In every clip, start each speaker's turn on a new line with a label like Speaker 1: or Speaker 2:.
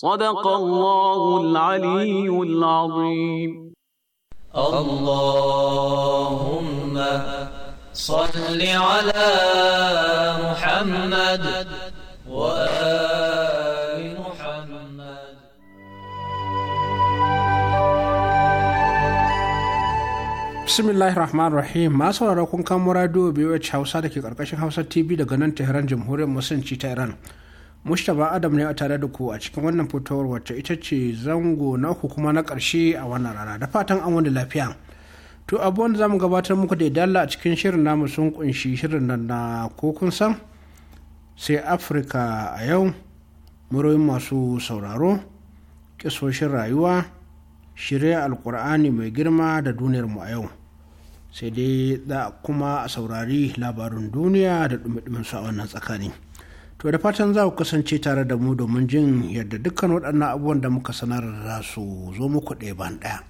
Speaker 1: صدق الله العلي العظيم اللهم صل على محمد وآل محمد
Speaker 2: بسم الله الرحمن الرحيم ما سوى كان مرادو بيوة حوصة كي قرقشن حوصة تي بي دغنان تهران جمهوري مسلم تيران تهران Mustapha Adam ne a tare da ku a cikin wannan fitowar wacce ita ce zango na uku kuma na ƙarshe a wannan rana da fatan an wani lafiya. To abubuwan da zamu gabatar muku da dalla a cikin shirin namu sun kunshi shirin nan na ko kun san sai Afirka a yau muroyin masu sauraro kisoshin rayuwa shirya alkur'ani mai girma da duniyar mu a yau sai dai za kuma a saurari labarin duniya da dumi-dumin su a wannan tsakani. to da fatan za ku kasance tare da mu domin jin yadda dukkan waɗannan abubuwan da muka sanar da su zo muku ɗaya ban ɗaya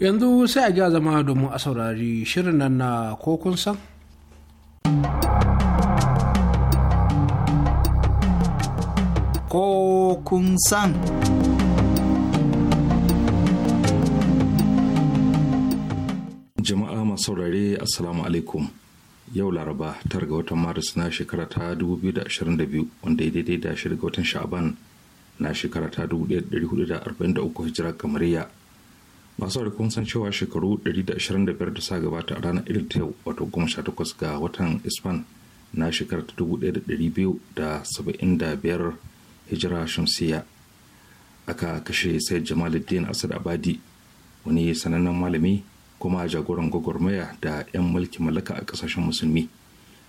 Speaker 2: yanzu sai a ja zama domin a saurari shirin nan na ko kun
Speaker 3: san
Speaker 4: ko kun san jama'a masu saurare assalamu alaikum yau laraba tara ga watan maris na shekara ta 2022 wanda ya daidai da ga watan sha'aban na shekara ta 1443 hijira kamariya masu kun san cewa shekaru 125 da sa gabata a ranar irin ta yau wato 18 ga watan isfan na shekara ta 1275 hijira shamsiya aka kashe sai jamaluddin asad abadi wani sanannen malami kuma jagoran gwagwarmaya da 'yan mulki mallaka a kasashen musulmi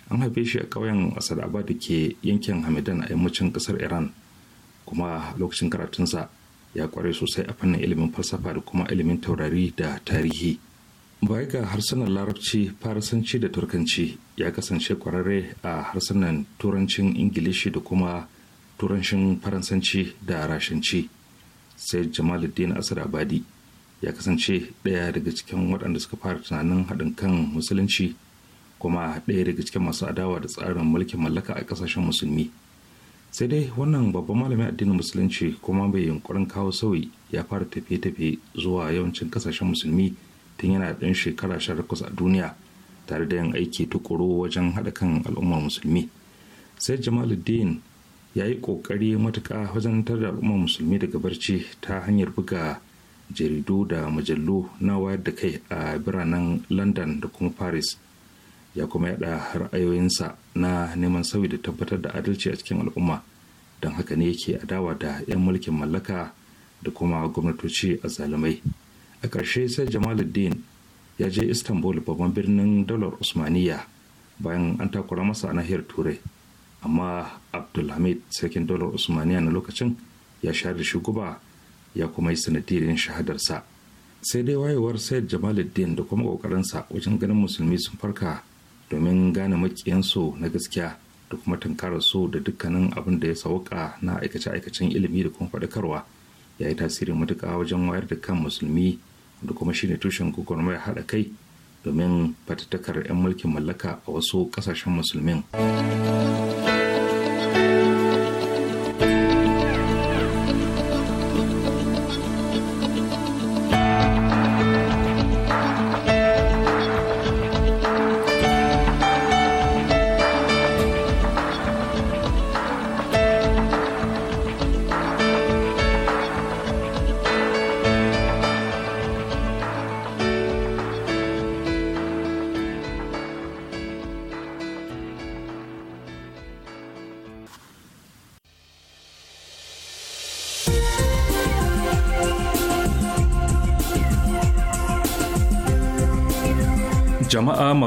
Speaker 4: an haife shi a ƙauyen asadaba da ke yankin hamidan a yammacin ƙasar iran kuma lokacin karatunsa ya kware sosai a fannin ilimin falsafa da kuma ilimin taurari da tarihi baya ga harsunan larabci farisanci da turkanci ya kasance kwararre a harsunan turancin ingilishi da kuma turancin faransanci da rashanci sai jamaluddin asad abadi ya kasance ɗaya daga cikin waɗanda suka fara tunanin haɗin kan musulunci kuma ɗaya daga cikin masu adawa da tsarin mulkin mallaka a ƙasashen musulmi sai dai wannan babban malamin addinin musulunci kuma bai yunkurin kawo sauyi ya fara tafiye-tafiye zuwa yawancin ƙasashen musulmi tun yana ɗan shekara sha a duniya tare da yin aiki tukuru wajen haɗa kan al'ummar musulmi sai jamaluddin ya yi ƙoƙari matuƙa wajen tare da al'ummar musulmi daga barci ta hanyar buga jaridu da mujallu na wayar da kai a biranen london da kuma paris ya kuma yada ra'ayoyinsa na neman sauyi da tabbatar da adalci a cikin al'umma don haka ne yake adawa da 'yan mulkin mallaka da kuma gwamnatoci a zalimai a ƙarshe sai jamaluddin ya je istanbul babban birnin daular usmaniya bayan an takura masa a nahiyar turai amma abdulhamid sarkin daular usmaniya na lokacin ya share shi guba ya kuma yi sanadirin shahadarsa sai dai wayewar sayar jamaluddin da kuma kokarinsa wajen ganin musulmi sun farka domin gane makiyansu na gaskiya da kuma tunkarar su da dukkanin abin da ya sauka na aikace-aikacen ilimi da kuma faɗakarwa ya yi tasirin matuƙa wajen wayar da kan musulmi da kuma shine tushen gwagwarmaya haɗa kai domin fatattakar 'yan mulkin mallaka a wasu ƙasashen musulmin.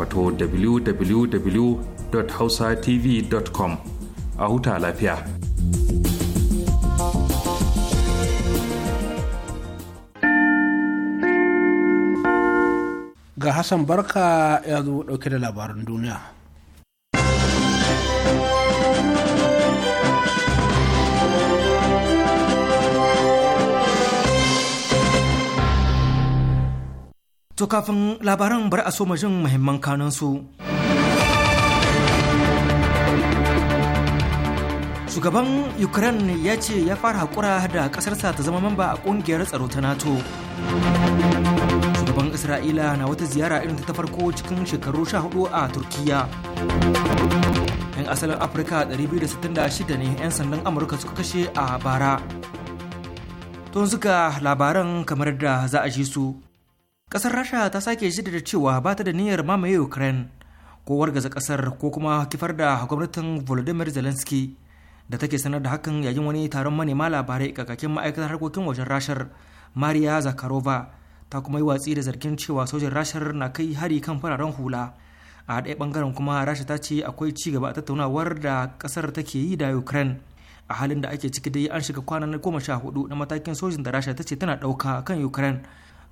Speaker 4: wato www.hausatv.com a huta lafiya.
Speaker 2: Ga Hassan Barka ya zo dauke da labarin duniya.
Speaker 5: To kafin labaran bar a so jin muhimman su. Shugaban Ukraine ya ce ya fara haƙura da ƙasarsa ta zama mamba a ƙungiyar tsaro ta NATO. Shugaban Isra'ila na wata ziyara irin ta farko cikin shekaru sha a Turkiyya. 'Yan asalin Afirka 266 ne 'yan sandan Amurka suka kashe a bara. Tun suka labaran kamar da za a ji su. Ƙasar Rasha ta sake da cewa ba ta da niyyar mamaye Ukraine ko wargaza ƙasar ko kuma kifar da gwamnatin Volodymyr Zelensky da take sanar da hakan yayin wani taron manema labarai kakakin ma'aikatar harkokin wajen Rashar Maria Zakharova ta kuma yi watsi da zargin cewa sojin Rashar na kai hari kan fararen hula. a ɗaya bangaren kuma rasha ta ce akwai ci gaba a tattaunawar da kasar take yi da ukraine a halin da ake ciki dai an shiga kwana na goma sha hudu na matakin sojin da rasha ta ce tana ɗauka kan ukraine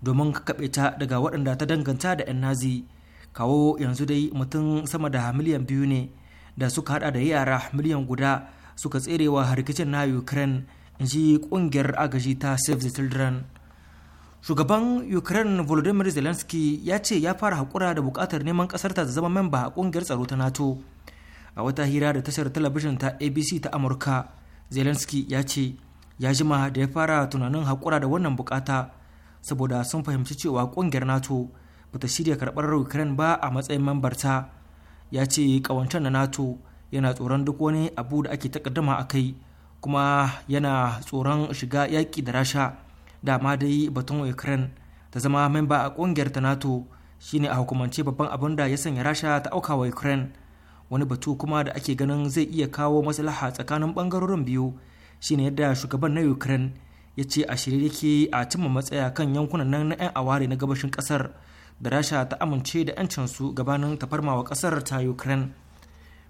Speaker 5: domin kaɓe ta daga waɗanda ta danganta da 'yan nazi kawo yanzu dai mutum sama da miliyan biyu ne da suka hada da yara miliyan guda suka tserewa harkicin na ukraine in ji kungiyar agaji ta save the children shugaban ukraine volodymyr zelensky ya ce ya fara haƙura da buƙatar neman ƙasar ta zama memba a ƙungiyar tsaro ta nato a wata hira da tashar talabijin ta abc ta amurka zelensky ya ce ya jima da ya fara tunanin haƙura da wannan buƙata saboda sun fahimci cewa ƙungiyar nato bata shirya karɓar ukraine ba a matsayin mambarta ya ce ƙawancen na nato yana tsoron duk wani abu da ake takaddama a kai kuma yana tsoron shiga yaƙi da rasha dama dai batun ukraine ta zama memba a ƙungiyar ta nato shine a hukumance babban abin da ya sanya rasha ta auka wa ukraine wani batu kuma da ake ganin zai iya kawo maslaha tsakanin ɓangarorin biyu shine yadda shugaban na ukraine ya ce a shirye yake a cimma matsaya kan yankunan nan na 'yan aware na gabashin kasar da rasha ta amince da 'yancinsu gabanin tafarmawa kasar ta ukraine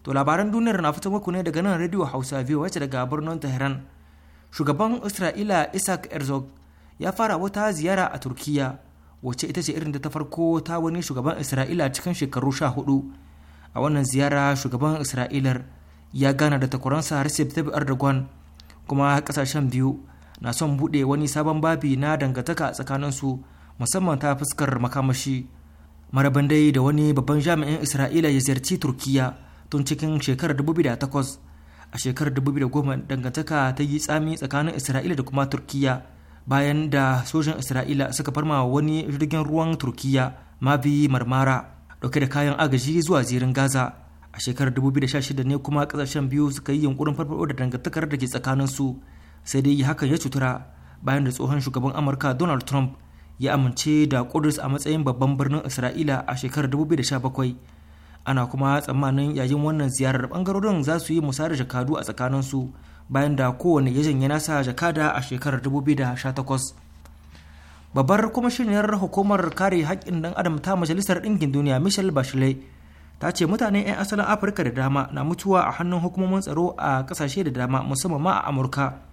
Speaker 5: to labaran duniyar na fito muku ne daga nan radio hausa biyu wacce daga birnin tehran shugaban isra'ila isaac herzog ya fara wata ziyara a turkiya wacce ita ce irin da ta farko ta wani shugaban isra'ila cikin shekaru sha hudu a wannan ziyara shugaban isra'ilar ya gana da takwaransa recep tayyip erdogan kuma kasashen biyu na son buɗe wani sabon babi na dangantaka tsakanin su musamman ta fuskar makamashi maraban dai da wani babban jami'in isra'ila ya ziyarci turkiya tun cikin shekarar 2008 a shekarar 2010 dangantaka ta yi tsami tsakanin isra'ila da kuma turkiya bayan da sojan isra'ila suka farma wani jirgin ruwan turkiya mabi marmara dauke da kayan agaji zuwa zirin gaza a shekarar 2016 ne kuma kasashen biyu suka yi yunkurin farfado da dangantakar da ke tsakaninsu su sai dai hakan ya cutura bayan da tsohon shugaban amurka donald trump ya amince da kudus a matsayin babban birnin isra'ila a shekarar 2017 ana kuma tsammanin yayin wannan ziyarar bangarorin za su yi musayar jakadu a tsakaninsu bayan da kowane ya janye nasa jakada a shekarar 2018 babbar kwamishiniyar hukumar kare haƙƙin ɗan adam ta majalisar ɗinkin duniya michelle bachelet ta ce mutane 'yan asalin afirka da dama na mutuwa a hannun hukumomin tsaro a kasashe da dama musamman ma a amurka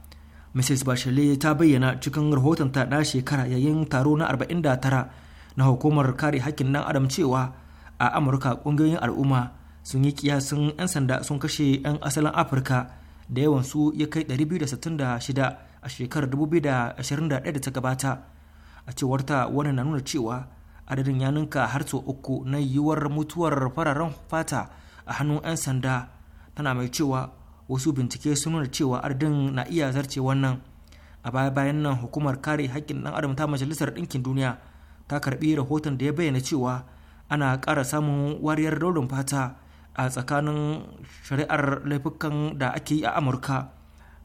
Speaker 5: mrs bachelet ta bayyana cikin rahoton ta na shekara yayin taro na 49 na hukumar kare hakkin dan adam cewa a amurka ƙungiyoyin al'umma sun yi kiyasin 'yan sanda sun kashe 'yan asalin afirka da yawan su ya kai 266 a shekarar 2021 da ta gabata a cewar ta wannan na nuna cewa adadin ya ninka har sau uku na yiwuwar mutuwar fararen fata a hannun 'yan sanda tana mai cewa wasu bincike sun nuna cewa ardin na iya zarce wannan a baya bayan nan hukumar kare haƙƙin ɗan adam ta majalisar ɗinkin duniya ta karbi rahoton da ya bayyana cewa ana ƙara samun wariyar daurin fata a tsakanin shari'ar laifukan da ake yi a amurka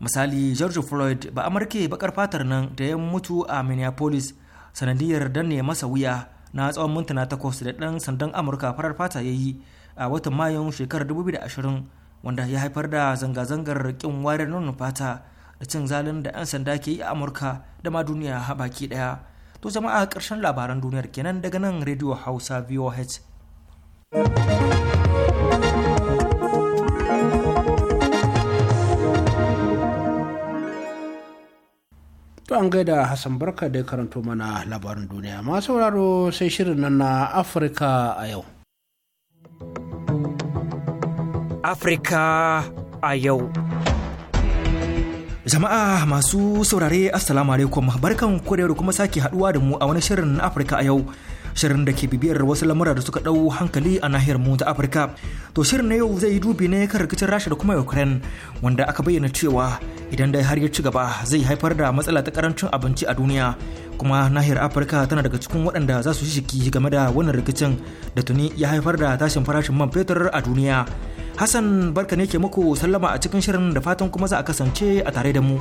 Speaker 5: misali george floyd ba amurke bakar fatar nan da ya mutu a minneapolis sanadiyar danne masa wuya na tsawon mintuna takwas da ɗan sandan amurka farar fata ya yi a watan mayun shekarar 2020 wanda ya haifar da zanga-zangar kin wayar nonon fata da cin zalin da 'yan sanda ke yi a amurka da ma duniya baki daya to jama'a ƙarshen labaran duniyar kenan daga nan radio hausa voh
Speaker 2: To an gaida Hassan Barka da karanto mana labarin duniya. masu sauraro sai shirin nan na Afirka a yau.
Speaker 5: Afirka a yau. Jama'a masu saurare Assalamu alaikum barkan ku kuma sake haduwa da mu a wani shirin Afirka a yau. shirin da ke bibiyar wasu lamura da suka ɗau hankali a nahiyar mu ta afirka to shirin na yau zai yi dubi ne kan rikicin rasha da kuma ukraine wanda aka bayyana cewa idan dai har ya ci gaba zai haifar da matsala ta karancin abinci a duniya kuma nahiyar afirka tana daga cikin waɗanda za su shiki game da wannan rikicin da tuni ya haifar da tashin farashin man fetur a duniya hassan barka ne ke muku sallama a cikin shirin da fatan kuma za a kasance a tare da mu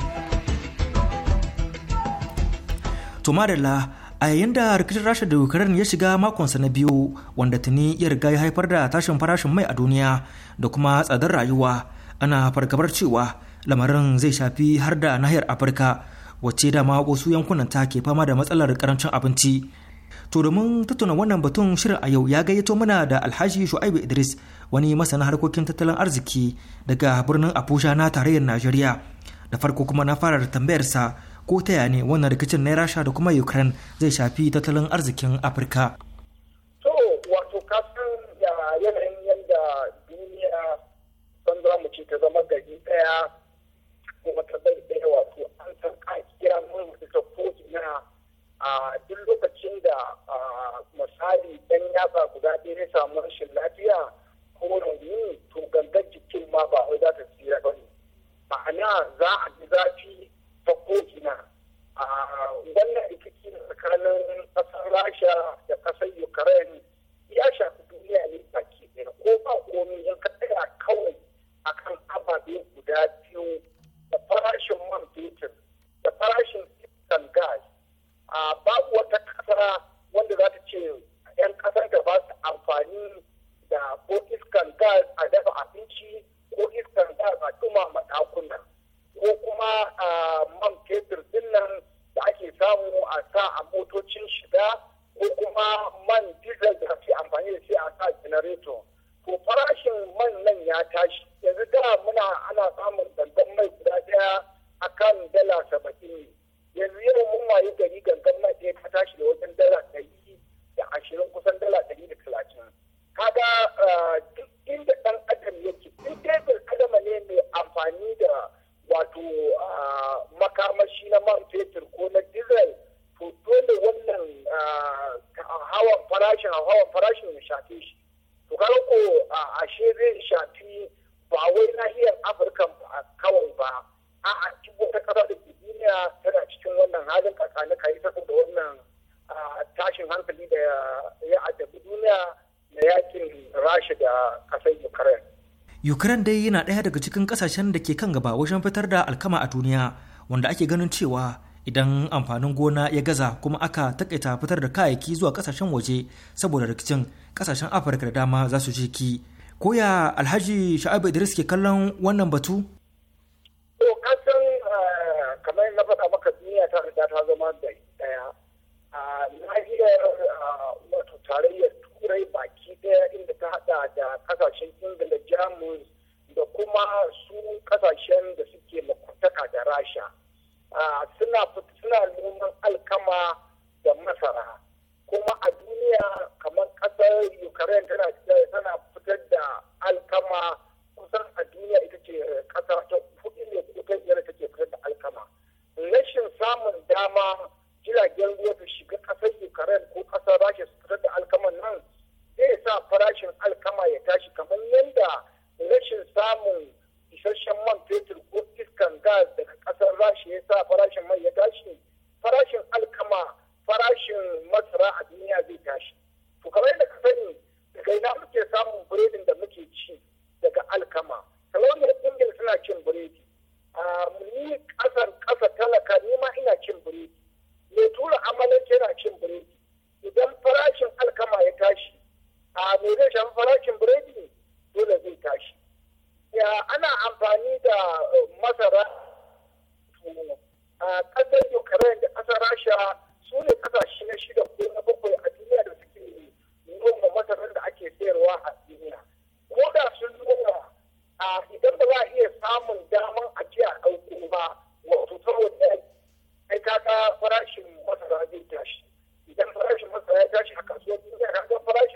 Speaker 5: to madalla a yayin da rikicin rasha da ukraine ya shiga makonsa na biyu wanda tuni ya riga ya haifar da tashin farashin mai a duniya da kuma tsadar rayuwa ana fargabar cewa lamarin zai shafi har da nahiyar afirka wacce dama wasu yankunan ta ke fama da matsalar karancin abinci to domin tattauna wannan batun shirin a yau ya gayyato mana da alhaji shu'aibu idris wani masana harkokin tattalin arziki daga birnin abuja na tarayyar najeriya da farko kuma na fara tambayarsa ko ta yaya ne wannan rikicin na rasha da kuma ukraine zai shafi tattalin arzikin afirka
Speaker 6: to wato kasan da yanayin yadda duniya san za mu ce ta zama gari ɗaya, kuma ta bai daya wato an san a kira mun ta ko ina a duk lokacin da misali dan yasa guda ɗaya ne samu rashin lafiya ko rauni to gangar jikin ma ba wai za ta tsira ba ne ma'ana za a ji zafi ta ko'ina a wannan rikici tsakanin ƙasar rasha da ƙasar ukraine ya shafi duniya ne baki ɗaya ko ba komi in ka tsaya kawai akan ababe guda biyu da farashin man fetur da farashin fiskan gas a babu wata ƙasa wanda za ta ce 'yan ƙasar da ba su amfani da ko iskan gas a dafa abinci ko iskan gas a dumama ɗakuna. ko kuma a man fetur dinnan da ake samu a sa a motocin shiga ko kuma man diesel da ake amfani da shi a sa generator ko farashin man nan ya tashi yanzu da muna ana samun gangan mai guda daya kan dala saba'in yanzu yau mun waye gari gangan mai ɗaya ta tashi da wajen dala ɗari da ashirin kusan dala ɗari da talatin kaga duk inda ɗan adam yake in tebur adam ne mai amfani da wato makamashi na man fetur ko na diesel to dole wannan hawan farashin hawan farashin ya shafe shi to kar ko ashe zai shafi ba wai nahiyar afirka kawai ba a a wata kasa da ke duniya tana cikin wannan halin tsakanin kai saboda wannan tashin hankali da ya addabi duniya na yakin rasha da kasar ukraine
Speaker 5: Ukraine dai yana ɗaya daga cikin ƙasashen da ke kan gaba wajen fitar da alkama a duniya wanda ake ganin cewa idan amfanin gona ya gaza kuma aka takaita fitar da kayayyaki zuwa ƙasashen waje saboda rikicin ƙasashen Afirka da dama za su je ki. Koya Alhaji Sha'abu Idris ke kallon wannan batu?
Speaker 6: To kasan eh, kamar na faɗa maka duniya ta riga ta zama da ɗaya. A nahiyar eh, wato tarayyar turai baki daya inda ta haɗa da kasashen ingila jamus da kuma su kasashen da suke makwataka da rasha suna noman alkama da masara kuma a duniya kamar kasar ukraine tana tana fitar da alkama kusan a duniya ita ce ƙasa ta hudu ne ko ta biyar take fitar da alkama rashin samun dama jiragen ruwa ta shiga ƙasar ukraine ko ƙasar rasha su fitar da alkaman nan zai sa farashin alkama ya tashi kamar yadda rashin samun isasshen man fetur ko iskan gas daga kasar rashi ya sa farashin mai ya tashi farashin alkama farashin masara a duniya zai tashi to kamar yadda ka sani daga ina muke samun biredin da muke ci daga alkama saloniyar ingil suna cin biredi a ni kasar kasa talaka ni ma ina cin biredi mai tura amalanke na cin biredi idan farashin alkama ya tashi a me zai shafi farashin biredi dole zai tashi Ya ana amfani da uh, masara a ƙasar ukraine da ƙasar rasha su ne ƙasashe na shida ko na bakwai a duniya da suke noma masarar da ake sayarwa a duniya ko da sun noma a idan ba za a iya samun daman ajiya a ɗauko ba wato saboda ai kaka farashin masara zai tashi idan farashin masara ya tashi a kasuwar duniya kaga farashin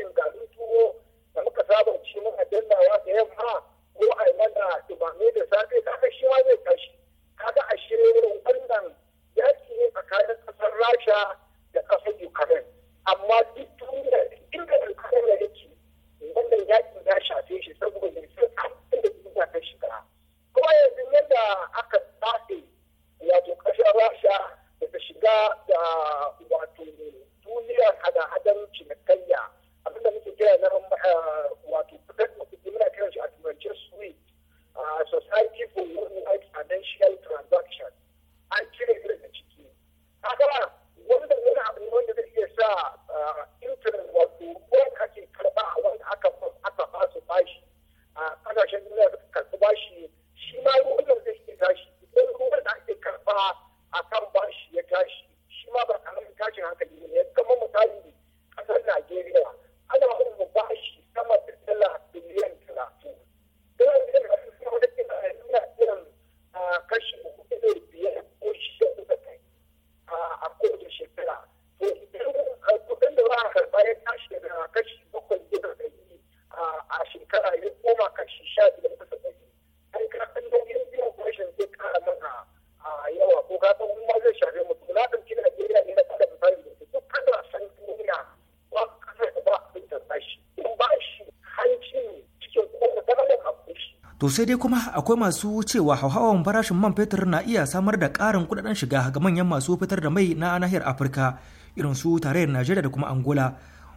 Speaker 5: To sai dai kuma akwai masu cewa hauhawan farashin man fetur na iya samar da ƙarin kudaden shiga ga manyan masu fitar da mai na nahiyar Afirka irin su tarayyar Najeriya da kuma Angola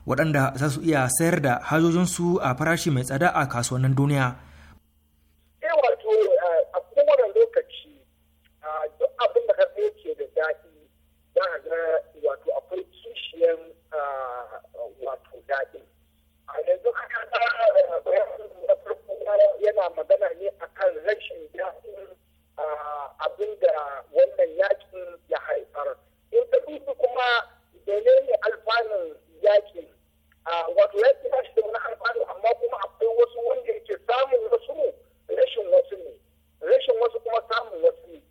Speaker 5: waɗanda za su iya sayar da hajojinsu a farashi mai tsada a kasuwannin duniya.
Speaker 6: Eh, wato eh, lokaci da da daɗi za ga kishiyan yana magana ne akan rashin daɗin abin da wannan yakin ya haifar in ta dubi kuma ne alfanun yakin wato ya kira shi da wani alfanu amma kuma akwai wasu wanda yake samun wasu rashin wasu ne rashin wasu kuma samun wasu ne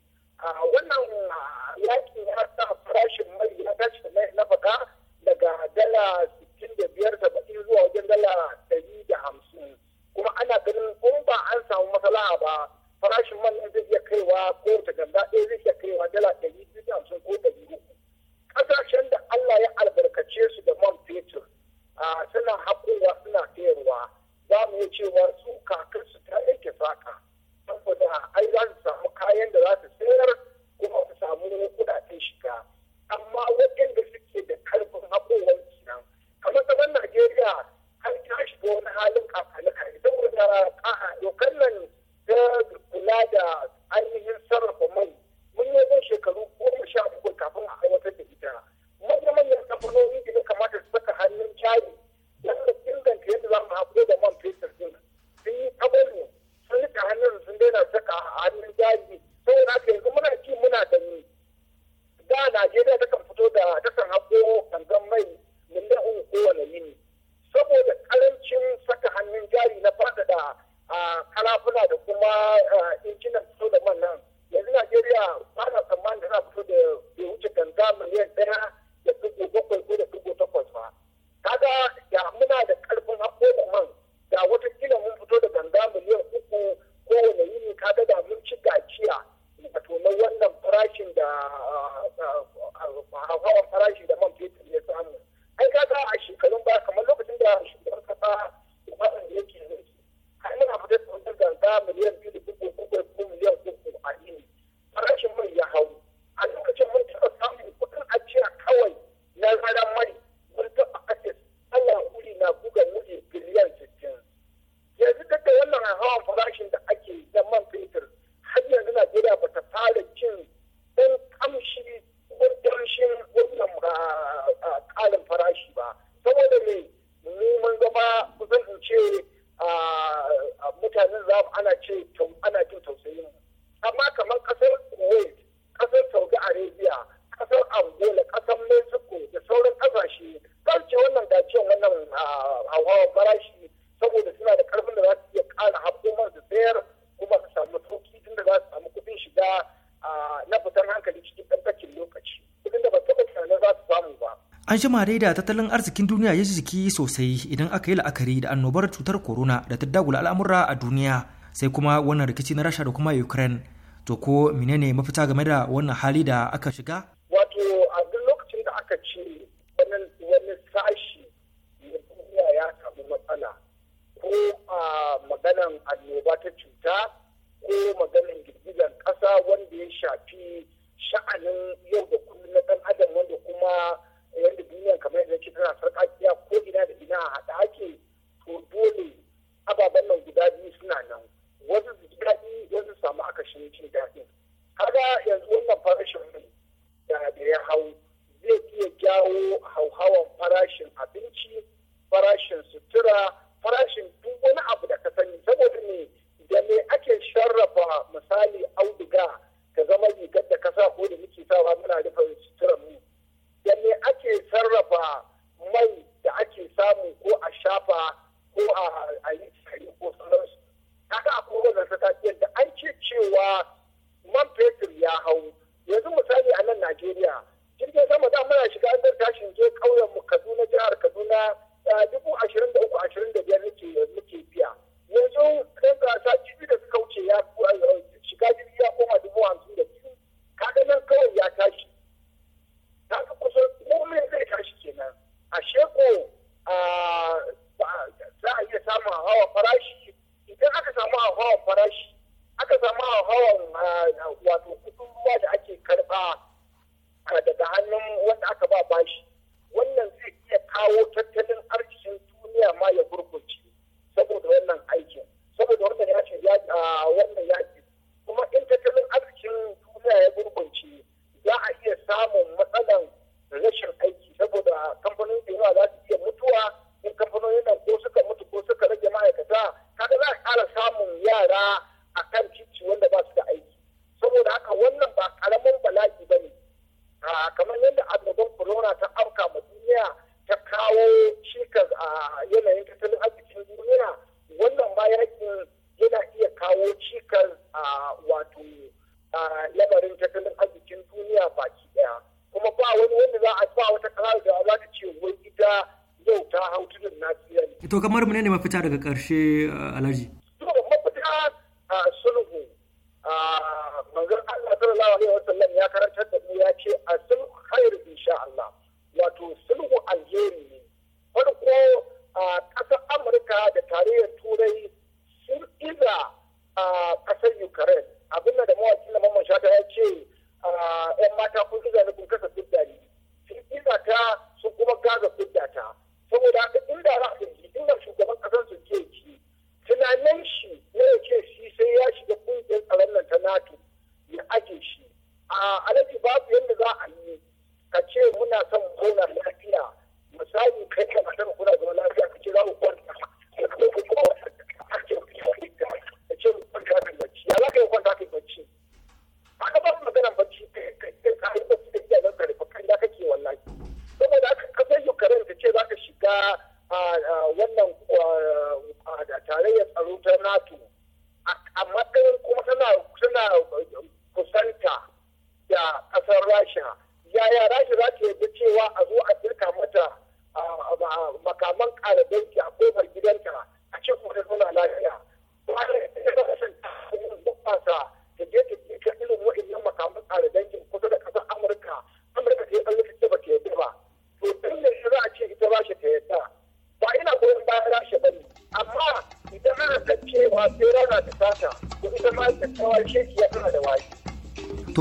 Speaker 6: wannan yakin ya sa farashin mai ya tashi na faɗa daga dala 65 70 zuwa wajen dala ana ganin in ba an samu matsala ba farashin man zai iya kaiwa ko ta ganda ɗaya zai iya kaiwa dala ɗari biyu da hamsin ko ɗari uku ƙasashen da Allah ya albarkace su da man fetur suna haƙowa suna sayarwa za mu iya cewa su kakar su ta yanke saka saboda ai za su samu kayan da za su sayar kuma su samu kuɗaɗen shiga amma waɗanda suke da karfin haƙowar kenan kamar ƙasar Najeriya an ta shiga wani halin kafalika saboda a'a dokar nan ta kula da ainihin sarrafa mai mun yi zai shekaru goma sha uku kafin a aiwatar da ita manyan kamfanoni da ya kamata su saka hannun cari don da inganta yadda za mu haƙo da man fetur din sun yi tabarin sun rika hannun sun daina saka hannun jari saboda haka yanzu muna ci muna da ni da najeriya takan fito da takan haƙo kanzan mai miliyan uku kowane yini saboda karancin saka hannun jari na faɗaɗa a karafuna da kuma injinan fito da man nan yanzu najeriya ba na tsammanin da za fito da bai wuce ganga miliyan ɗaya da dubu bakwai ko da dubu takwas ba kaga ya muna da
Speaker 5: an shi dai da tattalin arzikin duniya ya jiki sosai idan aka yi la'akari da annobar cutar corona da ta dagula al'amura a duniya sai kuma wannan rikici na rasha da kuma ukraine to ko menene mafita game da wannan hali da aka shiga
Speaker 6: yanzu wannan farashin da ya hau zai iya jawo hauhawan farashin abinci farashin sutura farashin duk wani abu da ka sani saboda ne da me ake sharrafa misali auduga ta zama rigar da kasa ko da muke sawa muna rufe suturar mu da me ake sarrafa mai da ake samu ko a shafa ko a yi ko sauransu haka akwai wannan da an ce cewa man fetur ya hau yanzu misali a nan najeriya jirgin sama da muna shiga an tashin je kauyen mu kaduna jihar kaduna dubu ashirin da uku ashirin da biyar muke biya yanzu ɗan gasa jibi da suka wuce ya shiga jirgi ya koma dubu hamsin da biyu kaga nan kawai ya tashi ta ga kusan komai zai tashi kenan a sheko za a iya samun hawa farashi idan aka samu hawa farashi aka samu hawan ah, wato kudin ruwa da ake karba ah, daga hannun wanda aka ba bashi wannan zai iya kawo tattalin arzikin duniya ma ya gurgurce saboda wannan aikin saboda wannan ya ce ah, wannan yaki kuma in tattalin arzikin duniya ya gurgurce za a iya samun matsalan rashin aiki saboda kamfanin yawa za su iya mutuwa in kamfanin nan ko suka mutu ko suka rage ma'aikata kaga za a kara samun yara a kan titi wanda ba su da aiki saboda haka wannan ba karamin bala'i ba ne kamar yadda annoban corona ta afka ma duniya ta kawo cikas a yanayin tattalin arzikin duniya wannan ma yakin yana iya kawo cikas a wato lamarin tattalin arzikin duniya baki daya kuma ba wani wanda za a ba wata karar da za ta ce wai ita yau ta hau tudun nasiya ne.
Speaker 5: to kamar mene ne mafita daga karshe alhaji.
Speaker 6: sallallahu alaihi wasallam ya karantar da mu ya ce a sulhu khairu insha Allah wato sulhu alheri ne farko a ƙasar Amurka da tarayyar Turai sun iza a ƙasar Ukraine abinda da mawakin da mamman shata ya ce yan mata kun iza ni kun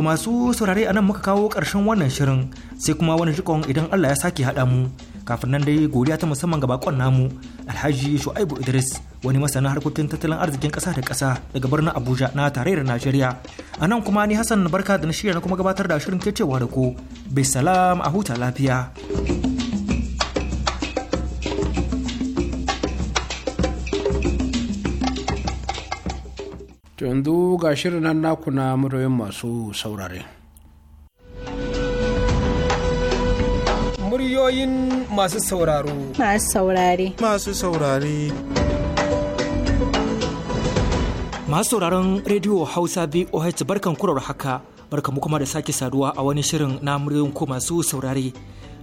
Speaker 5: masu saurare a nan muka kawo karshen wannan shirin sai kuma wani jikon idan Allah ya sake haɗa mu kafin nan dai godiya ta musamman ga bakon namu Alhaji Shu'aibu Idris wani masana harkokin tattalin arzikin ƙasa da ƙasa daga birnin Abuja na tarayyar Najeriya. A nan kuma ni Hassan Barka da na shirya na kuma gabatar da shirin cewa da ku. Bisalam a huta lafiya.
Speaker 2: To yanzu ga shirin nan naku na muryoyin masu saurare.
Speaker 7: Muryoyin
Speaker 5: masu sauraro.
Speaker 4: Masu saurare.
Speaker 5: Masu saurare. Masu sauraron rediyo Hausa VOH barkan kurar haka barkamu kuma da sake saduwa a wani shirin na muryoyin ku masu saurare.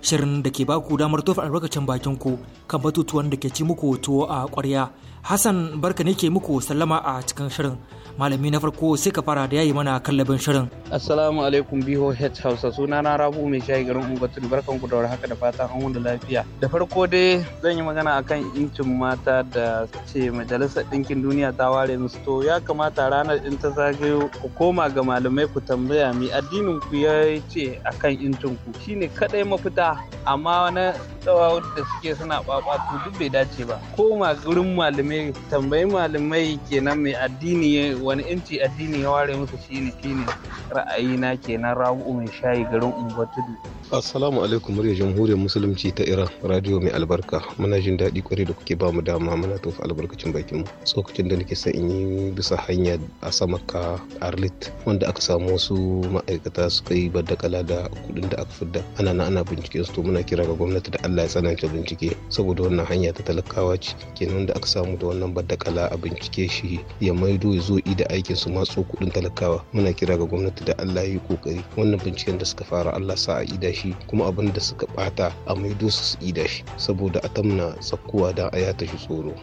Speaker 5: shirin da ke baku damar tofa albarkacin bakin ku kan batutuwan da ke ci muku tuwo a kwarya Hassan barka ne ke muku sallama a cikin shirin malami na farko sai ka fara da yayi mana kallabin shirin
Speaker 7: assalamu alaikum biho head hausa suna na rabu mai shayi garin ungwatun barkan ku da warhaka da fatan an wanda lafiya da farko dai zan yi magana akan incin mata da ce majalisar ɗinkin duniya ta ware musu to ya kamata ranar in ta zagayo ku koma ga malamai ku tambaya mi addinin ku ya ce akan incin ku shine kadai mafita amma na tsawa da suke suna babatu duk bai dace ba koma gurin malamai tambayi malamai kenan mai addini wani yanci addini ya ware musu shine shine ra'ayina kenan rabu'u mai shayi garin unguwar tudu
Speaker 3: Assalamu alaikum murya jamhuriyar musulunci ta Iran radio mai albarka muna jin daɗi kwarai da kuke bamu dama muna tofa albarkacin bakin mu tsokacin da nake son yi bisa hanya a ka Arlit wanda aka samu wasu ma'aikata suka yi baddakala da kuɗin da aka fidda ana na ana binciken su to muna kira ga gwamnati da Allah ya tsananta bincike saboda wannan hanya ta talakawa ce kenan da aka samu da wannan badakala a bincike shi ya maido ya zo da aikin su matso kuɗin talakawa muna kira ga gwamnati da Allah ya yi kokari wannan binciken da suka fara Allah sa a ida shi kuma abin da suka bata a maido su shi saboda a tamna tsakkuwa da aya ta shi tsoro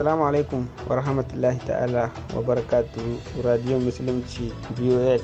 Speaker 7: Assalamu alaikum wa rahmatullahi ta'ala wa barakatu Radio Musulunci BOH.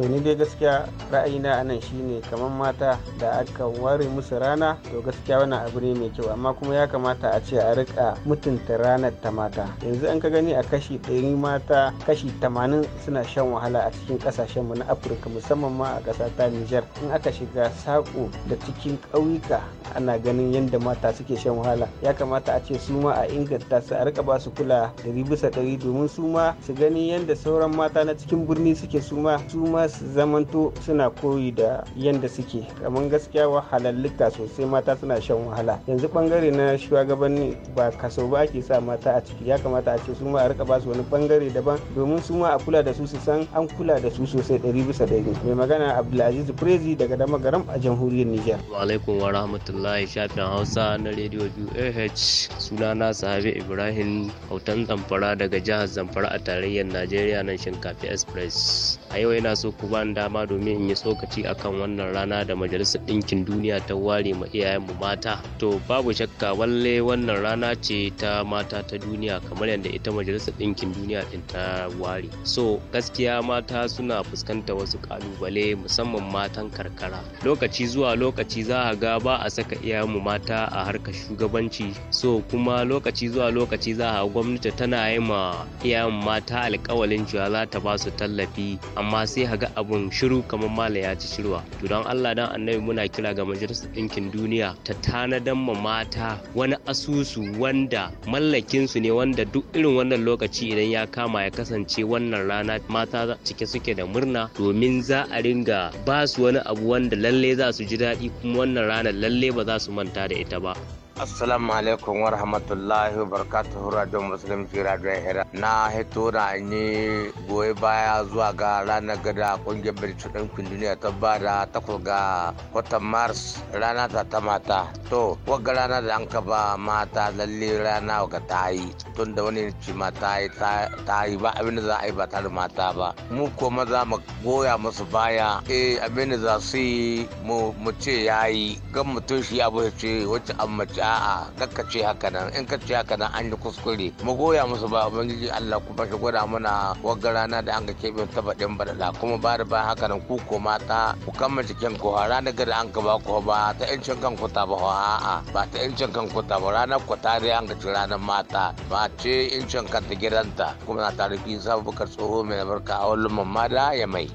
Speaker 7: To ni dai gaskiya ra'ayina a nan shine kamar mata da aka ware musu rana to gaskiya wannan abu ne mai kyau amma kuma ya kamata a ce a rika mutunta ranar ta mata. Yanzu an ka gani a kashi ɗari mata kashi tamanin suna shan wahala a cikin ƙasashenmu na Afirka musamman ma a ƙasa ta Nijar. In aka shiga saƙo da cikin ƙauyuka ana ganin yadda mata suke shan wahala ya kamata a ce su ma a inganta su a rika ba su kula ɗari bisa ɗari domin su ma su gani yadda sauran mata na cikin birni suke su ma su ma su zamanto suna koyi da yadda suke kamar gaskiya wahalallika sosai mata suna shan wahala yanzu bangare na shugabanni ba kaso ba ake sa mata a ciki ya kamata a ce su ma a rika ba su wani bangare daban domin su ma a kula da su su san an kula da su sosai ɗari bisa ɗari mai magana abdulaziz prezi daga damagaram a jamhuriyar niger
Speaker 8: alaikum wa rahmatullahi shafin hausa na rediyo ah sunana sahabi ibrahim ibrahim hautan zamfara daga jihar zamfara a tarayyar najeriya nan shinkafi express a yau yana so ku bani dama domin in yi tsokaci akan wannan rana da majalisar ɗinkin duniya ta ware ma iyayenmu mata to babu shakka walle wannan rana ce ta mata ta duniya kamar yadda ita majalisar ɗinkin duniya ɗin ta ware so gaskiya mata suna fuskanta wasu kalubale, musamman matan karkara lokaci zuwa lokaci za a ga ba a saka iyayenmu mata a harkar shugabanci so kuma lokaci zuwa lokaci lokaci za a gwamnati tana yi ma iyayen mata alkawalin cewa za ta ba su tallafi amma sai ga abun shiru kamar mala ya ci shirwa to don allah dan annabi muna kira ga majalisar ɗinkin duniya ta tanadan ma mata wani asusu wanda mallakinsu ne wanda duk irin wannan lokaci idan ya kama ya kasance wannan rana mata cike suke da murna domin za a ringa ba su wani abu wanda lalle za su ji daɗi kuma wannan ranar lalle ba za su manta da
Speaker 1: ita ba Assalamu alaikum wa rahmatullahi wa barakatuhu Radio Muslim fi Radio Hira. Na hito na yi goyi baya zuwa ga ranar gada kungiyar Birci Ɗinkin Duniya ta ba da takwas ga watan Mars rana ta ta mata. To, wagga rana da an kaba mata lalle rana ga ta yi. Tun da wani ci mata ta yi ba abin da za a yi ba da mata ba. Mu ko maza mu goya musu baya. e abin da za su yi mu ce ya yi. Gan mutum shi abu ce wacce an mace a'a kakkace haka nan in kace haka nan an yi kuskure mu goya musu ba ubangiji Allah kuma shi gwada mana wagga rana da an ga keɓe ta baɗin baɗaɗa kuma ba da ba haka nan ku ko mata ku kama cikin ku ha ranar gada an ba ku ba ta yancin kan ku ta ba a'a ba ta yancin kan ku ta ba ranar ku tare an gaci ranar mata ba ce yancin kan ta gidanta kuma na tarifi sabu bakar tsoho mai barka a wani da ya mai.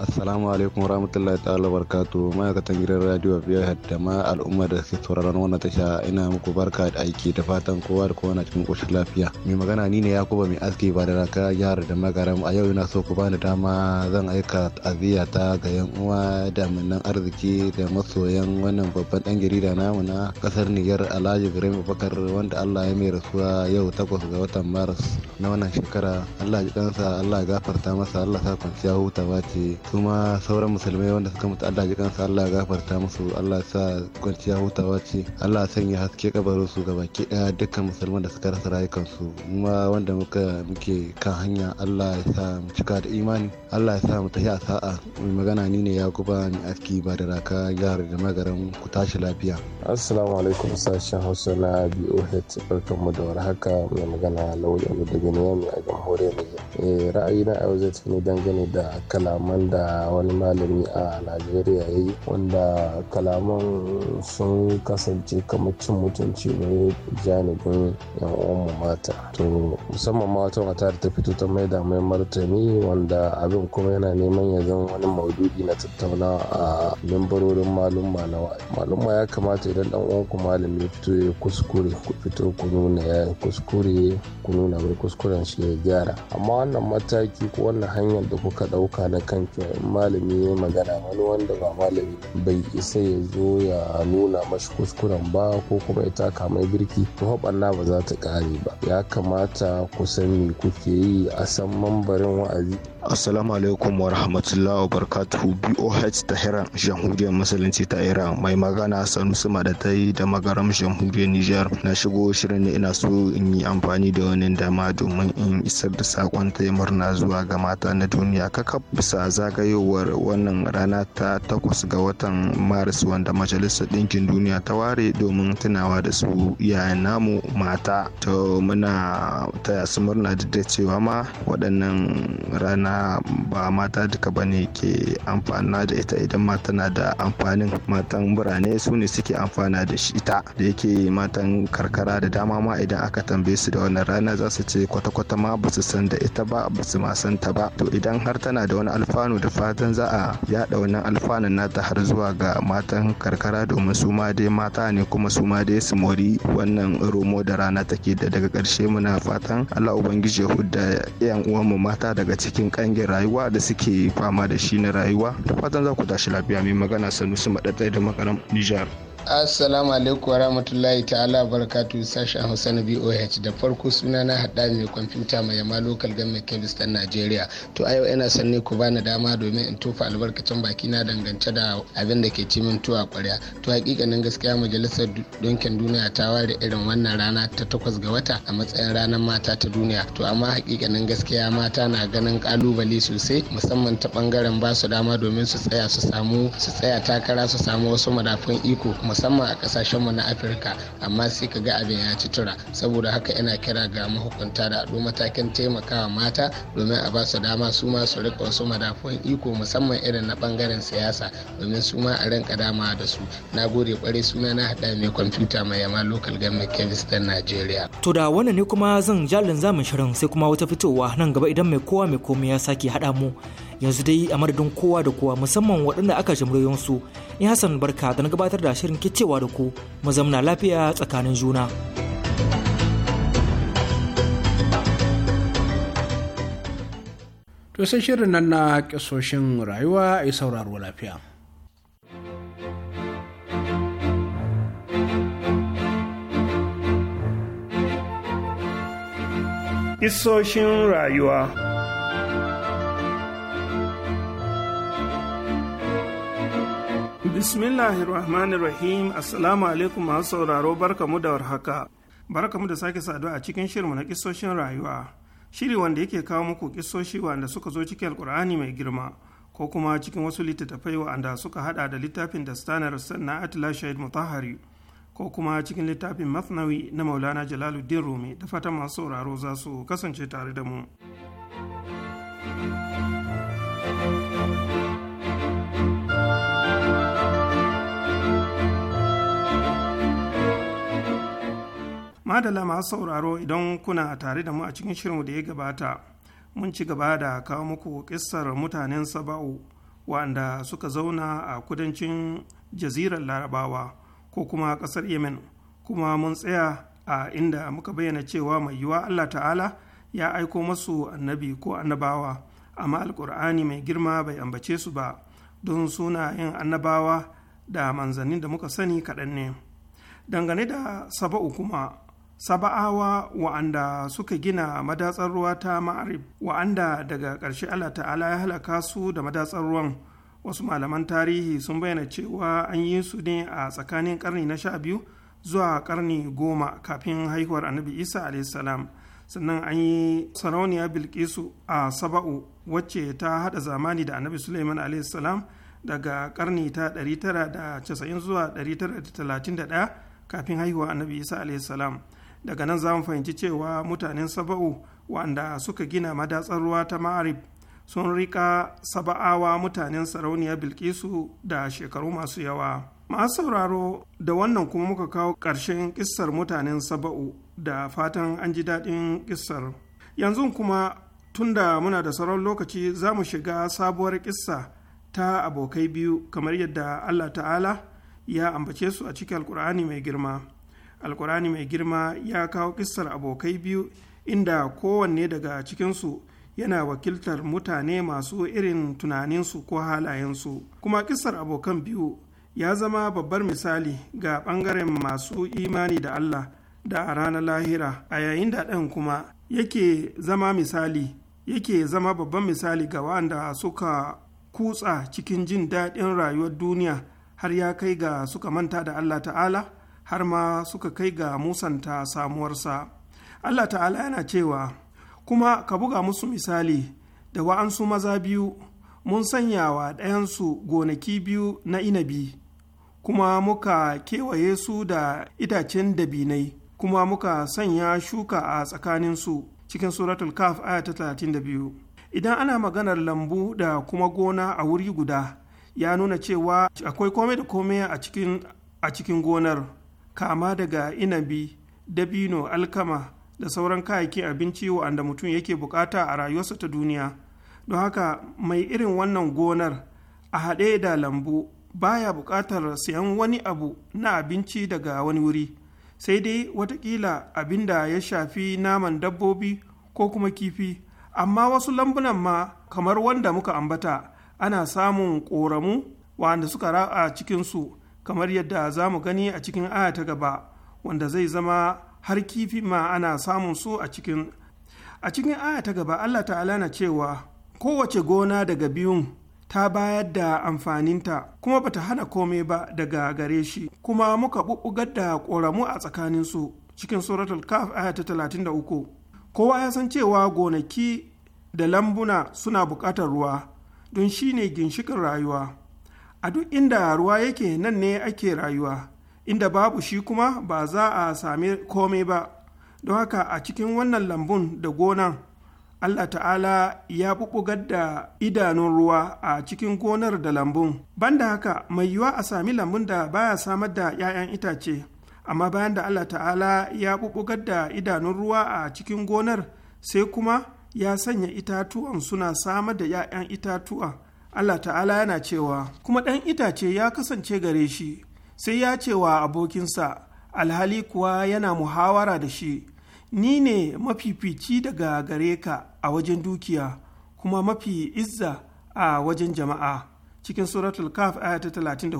Speaker 1: assalamu
Speaker 9: alaikum rahmatullahi ta'ala barkatu ma'aikatan gidan radio biyar da ma al'umma da suke sauraron wannan tasha ina muku barka da aiki da fatan kowa da kowa na cikin koshin lafiya mai magana ni ne yakuba mai aski ba da raka jihar da magaram a yau ina so ku bani dama zan aika aziya ta ga yan uwa da munnan arziki da masoyan wannan babban dan jarida namu na kasar niger alhaji ibrahim bakar wanda allah ya mai rasuwa yau takwas ga watan maris na wannan shekara allah ji kansa allah ya gafarta masa allah sa kwanciya hutawa ce su ma sauran musulmai wanda suka mutu Allah ji kansu Allah ya gafarta musu Allah sa kwanciya hutawa ce Allah sanya haske kabarin su ga baki daya dukkan musulman da suka rasa rayukansu kuma wanda muka muke kan hanya Allah ya sa mu cika da imani Allah ya sa mu tafi a sa'a mai magana ni ne Yakuba ni aski ba da raka jihar da magaran ku tashi lafiya
Speaker 10: assalamu alaikum sashen Hausa na BOH barkanmu da warhaka mai magana Lawal Abu daga Niyami a
Speaker 9: jamhuriyar Niger
Speaker 10: eh, ra'ayina a yau zai tafi dangane da kalaman da da wani malami a najeriya ya yi wanda kalaman sun kasance kamar cin mutunci ne janibin yan uwanmu mata to musamman ma wata mata da ta fito ta mai da mai martani wanda abin kuma yana neman ya zama wani maududi na tattauna a membarorin malumma na malumma ya kamata idan dan ku malami ya fito ya kuskure ku fito ku nuna ya kuskure ku nuna bai kuskuren shi ya gyara amma wannan mataki ko wannan hanyar da kuka dauka na kan malami ya magana wani wanda ba malami bai isa ya zo ya nuna mashi kuskuren ba ko kuma ya taka mai birki to na ba za ta ƙare ba ya kamata ku san
Speaker 9: me kuke yi a san mambarin wa'azi Assalamu alaikum wa rahmatullahi wa barakatuhu BOH Tehran Jamhuriyar Musulunci ta Iran mai magana Sanusi Madatai da magaram Jamhuriyar Nijar na shigo shirin ne ina so in yi amfani da wani dama domin in isar da sakon taya murna zuwa ga mata na duniya kaka bisa zagayowar wannan rana ta takwas ga watan Maris wanda Majalisar Ɗinkin Duniya ta ware domin tunawa da su iyayen namu mata to muna taya su murna da cewa ma waɗannan rana ma'ana ba mata duka bane ke amfana da ita idan mata na da amfanin matan birane su ne suke amfana da ita da yake matan karkara da dama ma idan aka tambaye su da wannan rana za su ce kwata-kwata ma ba su san da ita ba ba su ma san ta ba to idan har tana da wani alfanu da fatan za a yada wannan alfanun nata har zuwa ga matan karkara domin su ma dai mata ne kuma su ma dai su mori wannan romo da rana take da daga ƙarshe muna fatan Allah ubangiji ya hudda yan uwanmu mata daga cikin kangin rayuwa da suke fama da shi na rayuwa da fatan za ku tashi lafiya mai magana sanusi maɗaɗɗai da makaram nijar
Speaker 10: Assalamu alaikum warahmatullahi ta'ala barakatu sashen Hausa na BOH da farko suna na hada mai kwamfuta mai yamma local government kemis Najeriya. To a yau ina son ne ku bani dama domin in tofa albarkacin baki na dangance da abin da ke cimin tuwa kwarya. To hakikanin gaskiya majalisar donkin duniya ta ware irin wannan rana ta takwas ga wata a matsayin ranar mata ta duniya. To amma hakikanin gaskiya mata na ganin kalubale sosai musamman ta bangaren ba su dama domin su tsaya su samu su tsaya takara su samu wasu madafun iko musamman a kasashen mu na afirka amma sai ka ga abin ya ci tura saboda haka yana kira ga mahukunta da ado matakin taimakawa mata domin a ba su dama su ma su rika wasu madafun iko musamman irin na bangaren siyasa domin su ma a rinka dama da su na gode kwarai suna na hada mai kwamfuta mai yama local government kebis dan najeriya
Speaker 5: to da wannan ne kuma zan jalin zamin shirin sai kuma wata fitowa nan gaba idan mai kowa mai komai ya sake haɗa mu yanzu dai a madadin kowa da kowa musamman waɗanda aka jimriyon su in hassan barka da na gabatar da shirin kicewa da ku mu zamna lafiya tsakanin juna to sai shirin
Speaker 2: nan na kisoshin rayuwa a yi sauraro lafiya
Speaker 3: Isoshin rayuwa Bismillahirrahmanirrahim Assalamu alaikum masu sauraro barkamu da warhaka. Barkamu da sake saduwa a cikin shirin na kisoshin rayuwa. Shiri wanda yake kawo muku kisoshi wanda suka zo cikin Alkur'ani mai girma ko kuma cikin wasu littattafai wanda suka hada da littafin da stanar sannan Atla Shahid Mutahari ko kuma cikin littafin mafnawi na Maulana Jalaluddin Rumi da fata masu sauraro za su kasance tare da mu. madala masu sauraro idan kuna tare da mu a cikin shirin da ya gabata mun ci gaba da kawo muku kissar mutanen saba'u wanda suka zauna a kudancin jazirar larabawa ko kuma ƙasar yemen kuma mun tsaya a inda muka bayyana cewa mai yiwuwa allah ta'ala ya aiko masu annabi ko annabawa amma alkur'ani mai girma bai ambace su ba don suna yin annabawa da manzannin da muka sani kaɗan ne dangane da saba'u kuma saba'awa wa'anda suka gina madatsar ruwa ta ma'arib wa'anda daga ƙarshe allah ta'ala ya halaka su da madatsar ruwan wasu malaman tarihi sun bayyana cewa an yi su ne a tsakanin karni na sha biyu zuwa karni goma kafin haihuwar annabi isa alaihissalam sannan an yi sarauniya bilkisu a saba'u wacce ta haɗa zamani da annabi suleiman alaihissalam daga karni ta 990 zuwa 931 kafin haihuwa annabi isa alaihissalam daga nan za mu fahimci cewa mutanen saba'u wanda suka gina madatsar ruwa ta ma'arib sun rika saba'awa mutanen sarauniya bilkisu da shekaru masu yawa masu sauraro da wannan kuma muka kawo ƙarshen ƙissar mutanen saba'u da fatan an ji daɗin ƙissar yanzu kuma tunda muna da sauran lokaci za mu shiga sabuwar ƙissa ta abokai biyu kamar yadda allah ta'ala ya ambace su a cikin alkur'ani mai girma alkurani mai girma ya kawo kissar abokai biyu inda kowanne daga cikinsu yana wakiltar mutane masu irin tunaninsu ko halayensu kuma kissar abokan biyu ya zama babbar misali ga ɓangaren masu imani da allah da a ranar lahira a yayin da ɗan kuma yake zama misali yake zama babban misali ga wanda suka kutsa cikin jin daɗin rayuwar duniya har ya kai ga suka manta da allah ta'ala har ma suka kai ga musanta samuwarsa allah ta'ala yana cewa kuma ka buga musu misali da wa'ansu maza biyu mun sanya wa ɗayansu gonaki biyu na inabi kuma muka kewaye su da itacen dabinai kuma muka sanya shuka a tsakaninsu cikin suratul kaf aya ta biyu. idan ana maganar lambu da kuma gona a wuri guda ya nuna cewa akwai komai da kome a cikin gonar kama daga inabi dabino alkama da sauran kayayyakin abinci wa'anda mutum yake bukata a rayuwarsa ta duniya don haka mai irin wannan gonar a haɗe da lambu baya buƙatar sayan wani abu na abinci daga wani wuri sai dai watakila abin da ya shafi naman dabbobi ko kuma kifi amma wasu lambunan ma kamar wanda muka ambata ana samun ƙoramu wa'anda suka ra'a cikinsu kamar yadda za mu gani a cikin aya ta gaba wanda zai zama har kifi ma ana samun su a cikin a cikin aya ta gaba allah ta'ala na cewa kowace gona daga biyun ta bayar da amfaninta kuma ba ta hana komai ba daga gare shi kuma muka bubbugar da ƙoramu a tsakaninsu cikin suratul kaf aya ta 33 kowa ya san cewa gonaki da lambuna suna buƙatar ruwa don shine ginshikin rayuwa a duk inda ruwa yake nan ne ake rayuwa inda babu shi kuma ba za a sami kome ba don haka a cikin wannan lambun da gonan allah ta'ala ya bubugar da idanun ruwa a cikin gonar da lambun banda haka mai yiwuwa a sami lambun da baya samar da 'ya'yan itace amma bayan da allah ta'ala ya bubugar da idanun ruwa a cikin gonar sai kuma ya sanya itatuwan suna samar da 'ya'yan itatuwa Allah ta'ala yana cewa kuma ɗan itace ya kasance gare shi sai ya ce wa abokinsa alhali kuwa yana muhawara da shi ni ne mafifici daga gare ka a wajen dukiya kuma mafi izza a wajen jama'a cikin suratul kaf aya ta 34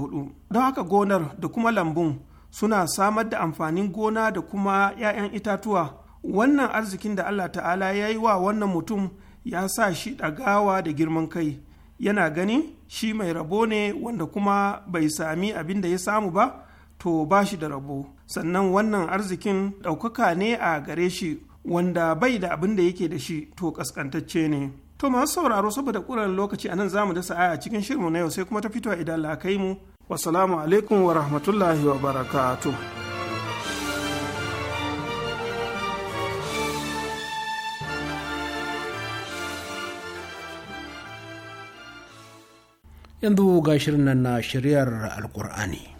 Speaker 3: don haka gonar da kuma lambun suna samar da amfanin gona da kuma 'ya'yan itatuwa wannan arzikin da Allah ta'ala ya yi wa wannan mutum ya sa shi ɗagawa da girman kai yana gani shi mai rabo ne wanda kuma bai sami abin da ya samu ba to ba shi da rabo sannan wannan arzikin ɗaukaka ne a gare shi wanda bai da abin da yake da shi to ƙasƙantacce ne to masu sauraro saboda ƙuran lokaci anan za mu dasa aya cikin shirinmu na yau sai kuma ta fito idan la kai mu wasalamu alaikum wa rahmatullahi wa barakatuh
Speaker 2: yanzu ga shirin nan na shiryar alkur'ani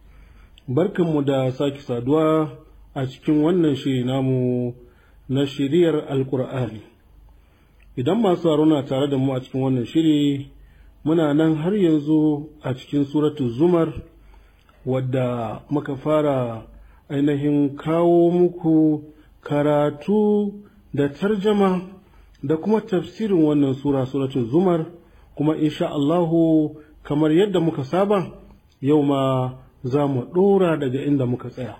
Speaker 11: Barkan mu da sake saduwa a cikin wannan shiri namu na shiriyar alkur'ani idan masu na tare da mu a cikin wannan shiri muna nan har yanzu a cikin suratu zumar wadda muka fara ainihin kawo muku karatu da tarjama da kuma tafsirin wannan sura suratun zumar kuma insha Allahu kamar yadda muka saba yau ma za mu daga inda muka tsaya.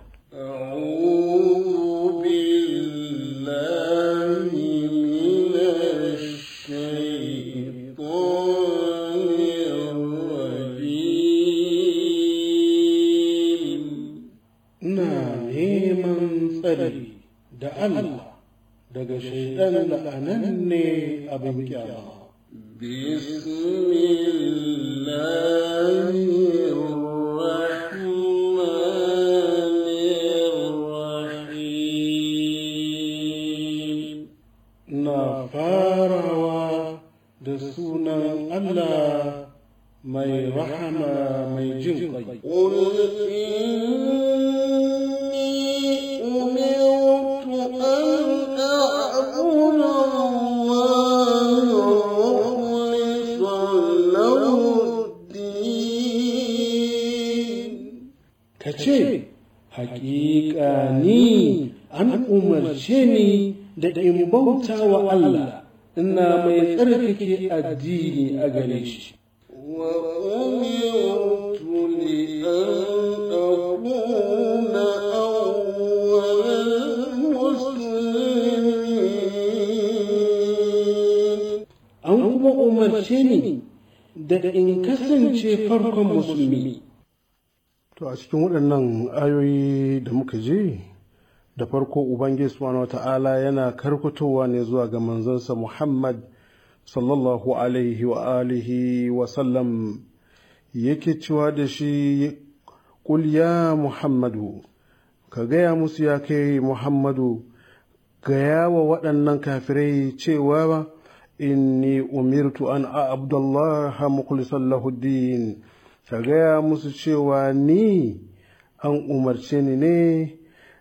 Speaker 11: daga shaidan la'anan ne abin kyama. بسم الله ce, Hakika ni an umarce ni da in bauta Allah, ina mai tsarkake addini a gare shi. daga in kasance farkon musulmi. To a cikin waɗannan ayoyi da muka je da farko Ubangiji subhanahu ta'ala yana karkatowa ne zuwa ga manzansa Muhammad sallallahu alaihi wa alihi wa sallam yake cewa da shi ƙul Muhammadu ka gaya musu ya kai Muhammadu gaya wa waɗannan kafirai cewa inni umirtu an a'abdallaha mukhlisan lahu din ka gaya musu cewa ni an umarce ni ne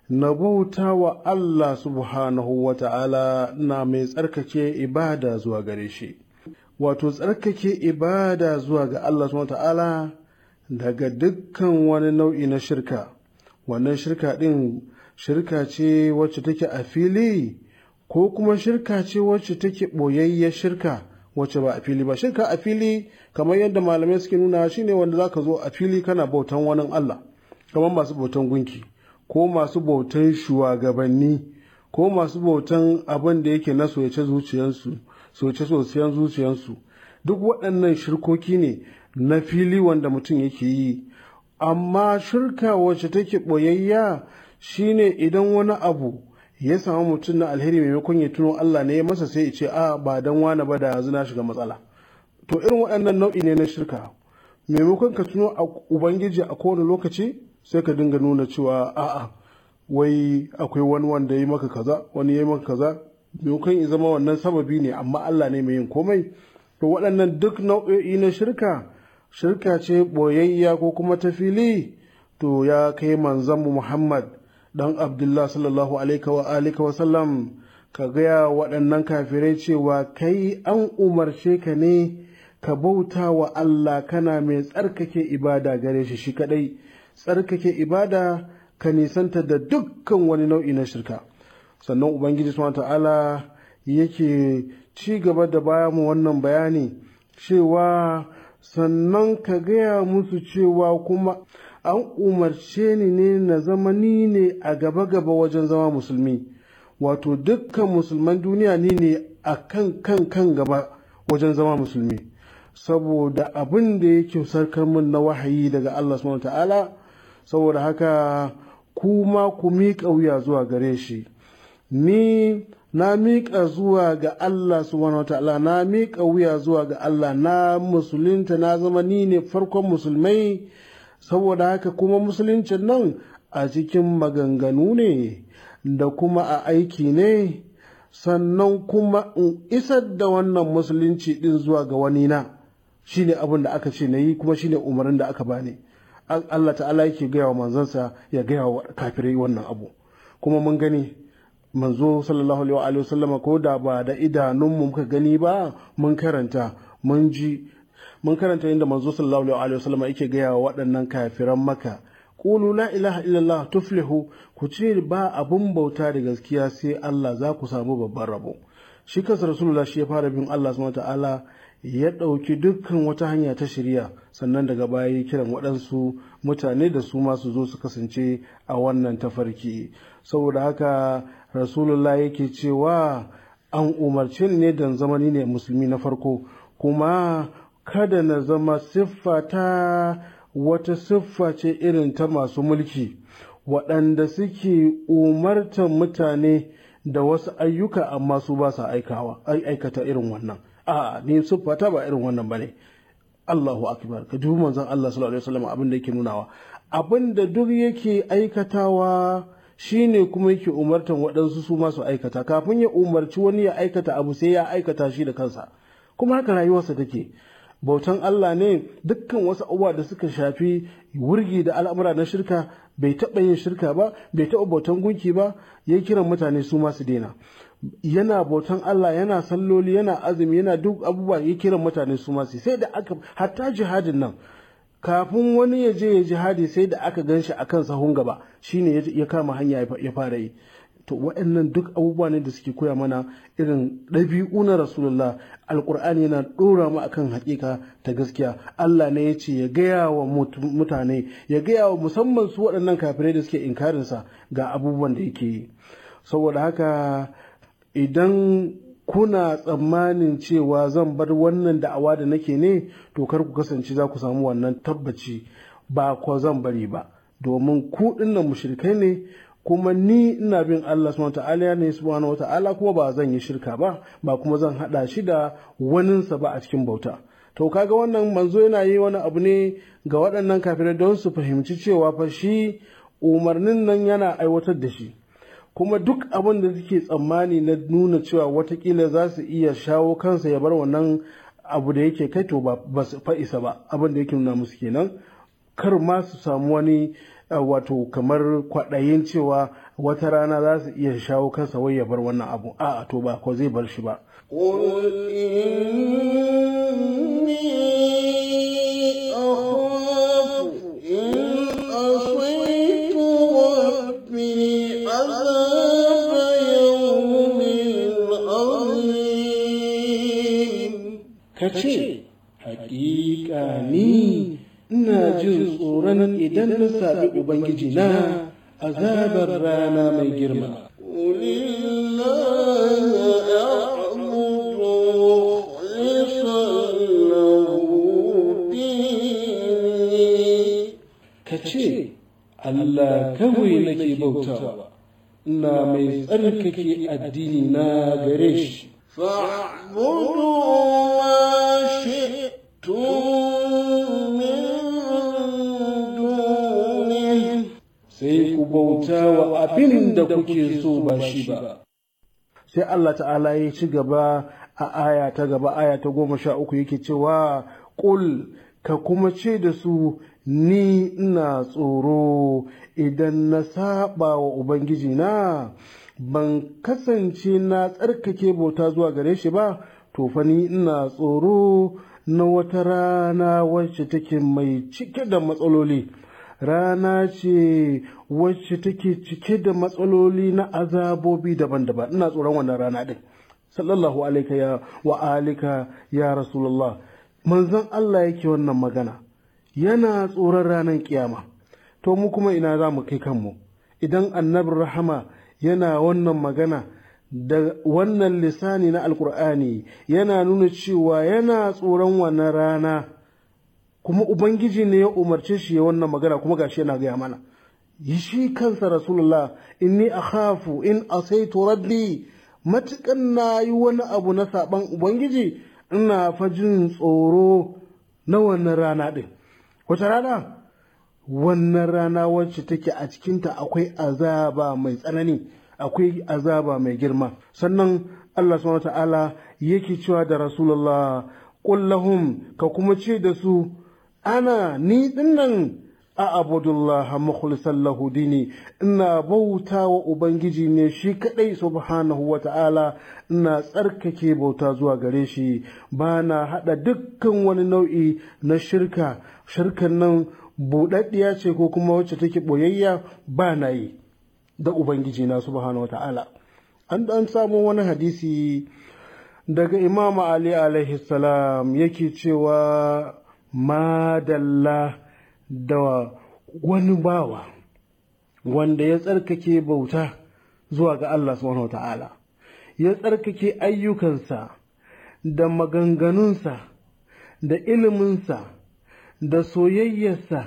Speaker 11: na bauta wa Allah subhanahu wa ta'ala na mai tsarkake ibada zuwa gare shi wato tsarkake ibada zuwa ga Allah subhanahu wa ta'ala daga dukkan wani nau'i na shirka wannan shirka ɗin shirka ce wacce take a fili ko kuma shirka ce wacce take ɓoyayya shirka wacce ba a fili ba shirka a fili kamar yadda malamai suke nuna shine wanda ka zo a fili kana bautan wani Allah kamar masu bautan gunki ko masu bautan shugabanni ko masu bautan abin da yake na soyace zuciyansu soyace soyayen zuciyansu duk waɗannan shirkoki ne na fili wanda mutum yake yi amma shirka wacce take ɓoyayya shine idan wani abu ya samu mutum na alheri maimakon ya tuno Allah ne masa sai ya ce a ba dan wani ba da zina shiga matsala to irin waɗannan nau'i ne na shirka maimakon ka tuno a ubangiji a kowane lokaci sai ka dinga nuna cewa a'a wai akwai wani wanda ya yi maka kaza wani ya maka kaza maimakon ya zama wannan sababi ne amma Allah ne mai yin komai to waɗannan duk nau'o'i na shirka shirka ce boyayya ko kuma ta fili to ya kai manzon Muhammad Ɗan abdullah sallallahu alaihi wa alika wa sallam ka gaya waɗannan kafirai cewa kai an umarce ka ne ka bauta wa Allah kana mai tsarkake ibada gare shi shi kaɗai tsarkake ibada ka nisanta da dukkan wani nau'i na shirka sannan ubangiji subhanahu ta'ala yake ci gaba da baya mu wannan bayani cewa sannan ka gaya musu cewa kuma an umarce ni ne na zama ni ne a gaba-gaba wajen zama musulmi wato dukkan musulman duniya ni ne a kan kan kan gaba wajen zama musulmi saboda abin da yake sarkar min na wahayi daga Allah subhanahu ta'ala saboda haka kuma ku miƙa wuya zuwa gare shi ni na miƙa zuwa ga Allah subhanahu ta'ala na miƙa wuya zuwa ga Allah na musulunta na zama ni ne farkon musulmai saboda haka kuma musuluncin nan a cikin maganganu ne da kuma a aiki ne sannan kuma in isar da wannan musulunci din zuwa ga wani na shine abin da aka ce na yi kuma shine umarnin da aka bani Allah ta'ala yake gaya wa manzansa ya gaya wa kafirai wannan abu kuma mun gani manzo sallallahu alaihi wa sallama ko da ba da idanunmu muka gani ba mun karanta mun ji mun karanta inda manzo sallallahu alaihi wasallam yake gaya wa waɗannan kafiran maka qulu la ilaha illallah tuflihu ku ce ba abun bauta da gaskiya sai Allah za ku samu babban rabo shi kansa rasulullah shi ya fara bin Allah subhanahu ta'ala ya ɗauki dukkan wata hanya ta shirya sannan daga baya ya kiran waɗansu mutane da su masu zo su kasance a wannan tafarki saboda haka rasulullah yake cewa an umarce ne dan zamani ne musulmi na farko kuma kada na zama ta wata siffa ce irin ta masu mulki waɗanda suke umartar mutane da wasu ayyuka amma su ba sa aikata irin wannan a ni siffata ba irin wannan ba ne Allahu akbar ka dubu manzan Allah sallallahu alaihi wasallam abin da yake nunawa abin da duk yake aikatawa shine kuma yake umartan waɗansu su masu aikata kafin ya umarci wani ya aikata abu sai ya aikata shi da kansa kuma haka rayuwarsa take bautan Allah ne dukkan wasu abubuwa da suka shafi wurgi da al'amura na shirka bai taɓa yin shirka ba bai taɓa bautan gunki ba ya kiran mutane su masu dena. yana bautan Allah yana salloli yana azumi yana duk abubuwa ya kiran mutane su masu sai da aka hatta jihadin nan kafin wani ya je ya jihadi sai da aka gan shi kan sahun gaba shine ya kama hanya ya fara yi to wa'annan duk abubuwa ne da suke koya mana irin ɗabi'u na rasulullah alƙur'ani yana ɗora mu akan haƙiƙa ta gaskiya allah ne ya ce ya gaya wa mutane ya gaya wa musamman su waɗannan kafirai da suke inkarinsa ga abubuwan da yake yi saboda haka idan kuna tsammanin cewa zan bar wannan da'awa da nake ne to kar ku kasance za ku samu wannan tabbaci ba ko zan bari ba domin ku dinnan mushrikai ne kuma ni ina bin Allah subhanahu ta'ala ne subhanahu ta'ala kuma ba zan yi shirka ba ba kuma zan hada shi da waninsa ba a cikin bauta to kaga wannan manzo yana yi wani abu ne ga waɗannan kafirai don su fahimci cewa fa shi umarnin nan yana aiwatar da shi kuma duk abin da suke tsammani na nuna cewa watakila za su iya shawo kansa ya bar wannan abu da yake kai to ba su fa'isa ba abin da yake nuna musu kenan kar ma su samu wani Eh, wato kamar kwaɗayin cewa wata rana za su iya shawo kansa wai ya bar wannan abu a to ba ko zai bar shi ba ka ce ni فوراً إذن نسابق بنججنا أذاب الرانا من جرما
Speaker 12: قل الله أعمر خلصا له ديني كتشي
Speaker 11: ألا كوي لكي بوتا نامي سألككي الدين ناقريش
Speaker 12: فاعبدوا
Speaker 11: bauta wa abin da kuke so ba shi ba. Sai Allah ta'ala ya ci gaba a aya ta gaba aya ta goma sha uku yake cewa ƙul ka kuma ce da su ni ina tsoro idan na saba wa Ubangiji na ban kasance na tsarkake bauta zuwa gare shi ba to fa ni ina tsoro na wata rana wacce take mai cike da matsaloli. rana ce wacce take cike da matsaloli na azabobi daban-daban ina tsoron wannan rana din sallallahu alaika ya wa alika ya rasulullah manzon Allah yake wannan magana yana tsoron ranar kiyama to mu kuma ina za mu kai kanmu idan annabin rahama yana wannan magana da wannan lisani na alkur'ani yana nuna cewa yana tsoron wannan rana kuma ubangiji ne ya umarce shi ya wannan magana kuma gashi yana gaya mana Yi shi kansa rasulullah a akhafu in asaitu rabbi matukan na yi wani abu na saban ubangiji ina fa jin tsoro na wannan rana din wace rana wannan rana wacce take a cikinta akwai azaba mai tsanani akwai azaba mai girma sannan Allah subhanahu ta'ala yake cewa da rasulullah qul lahum ka kuma ce da su ana ni dinnan a abudullah mukhlisan lahu dini ina bauta wa ubangiji ne shi kadai subhanahu wa ta'ala ina tsarkake bauta zuwa gare shi ba na hada dukkan wani nau'i na shirka shirkan nan buɗaɗɗiya ce ko kuma wacce take ɓoyayya ba na yi da ubangiji na subhanahu wa ta'ala an dan samu wani hadisi daga imam ali alaihi salam yake cewa madalla da wani bawa wanda ya tsarkake bauta zuwa ga Allah subhanahu wata'ala ya tsarkake ayyukansa da maganganunsa da iliminsa da soyayyarsa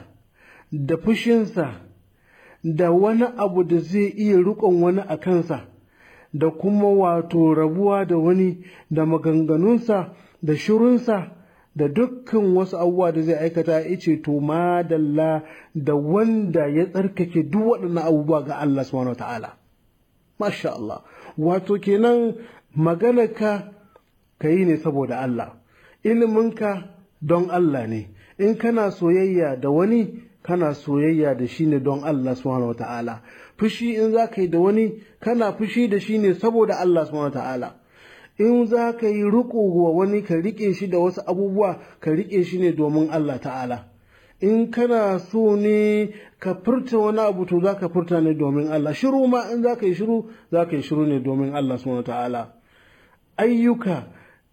Speaker 11: da fushinsa da wani abu da zai iya riƙon wani a kansa da kuma wato rabuwa da wani da maganganunsa da shirunsa da dukkan wasu abubuwa da zai aikata ya ce to madalla da wanda ya tsarkake duk waɗannan abubuwa ga Allah subhanahu ta'ala masha Allah wato kenan magana ka yi ne saboda Allah iliminka don Allah ne in kana soyayya da wani kana soyayya da shi ne don Allah subhanahu ta'ala fushi in za ka yi da wani kana fushi da shi ne saboda Allah subhanahu ta'ala in za ka yi riƙo wa wani ka riƙe shi da wasu abubuwa ka riƙe shi ne domin Allah ta'ala in kana so ne ka furta wani abu to za ka furta ne domin Allah shiru ma in za ka yi shiru za ka yi shiru ne domin Allah subhanahu ta'ala ayyuka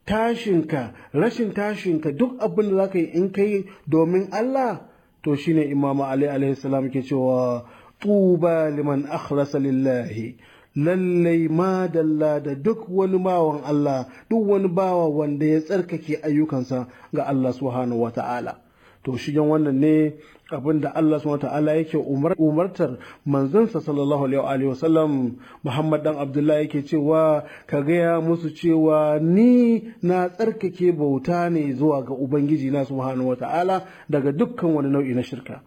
Speaker 11: tashinka rashin tashinka duk abin da za ka yi in ka yi domin Allah to shine imamu ali alaihi salam ke cewa tuba liman akhlasa lillahi lallai madalla da duk wani bawan Allah duk wani bawa wanda ya tsarkake ayyukansa ga Allah subhanahu wata'ala to shigen wannan ne abin da Allah subhanahu wata'ala yake umartar manzansa sallallahu alaihi wa sallam Muhammad dan Abdullah yake cewa ka gaya musu cewa ni na tsarkake bauta ne zuwa ga ubangiji na subhanahu wata'ala daga dukkan wani nau'i na shirka